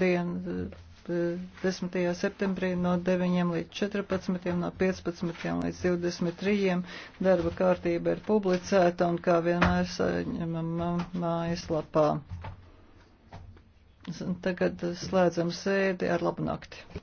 dienu 10. Eh, septembrī no 9 līdz 14, no 15 līdz 23. Darba kārtība ir publicēta un kā vienmēr saņemama eh, mājaslapā. Tagad slēdzam sēdi ar labu nakti.